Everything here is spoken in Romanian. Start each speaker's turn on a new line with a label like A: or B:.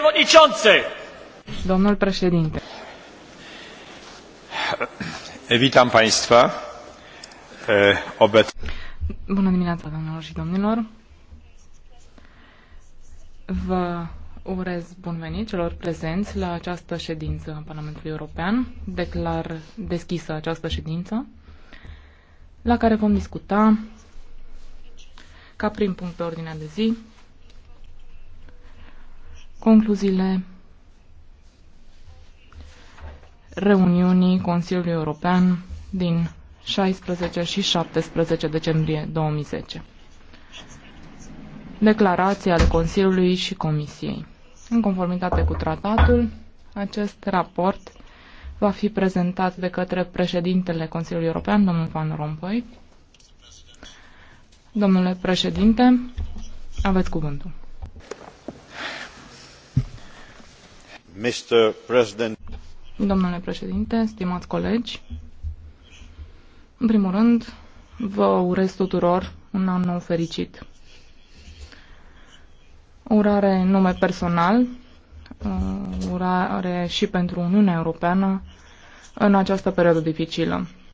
A: przewodniczący! Domnul președinte. Witam państwa. Obec... Bună dimineața, domnilor și domnilor. Vă urez bun venit celor prezenți la această ședință a Parlamentului European. Declar deschisă această ședință, la care vom discuta, ca prim punct pe ordinea de zi, concluziile reuniunii Consiliului European din 16 și 17 decembrie 2010. Declarația ale Consiliului și Comisiei. În conformitate cu tratatul, acest raport va fi prezentat de către președintele Consiliului European, domnul Van Rompuy. Domnule președinte, aveți cuvântul. Domnule președinte, stimați colegi, în primul rând, vă urez tuturor un an nou fericit. O urare în nume personal, uh, urare și pentru Uniunea Europeană în această perioadă dificilă.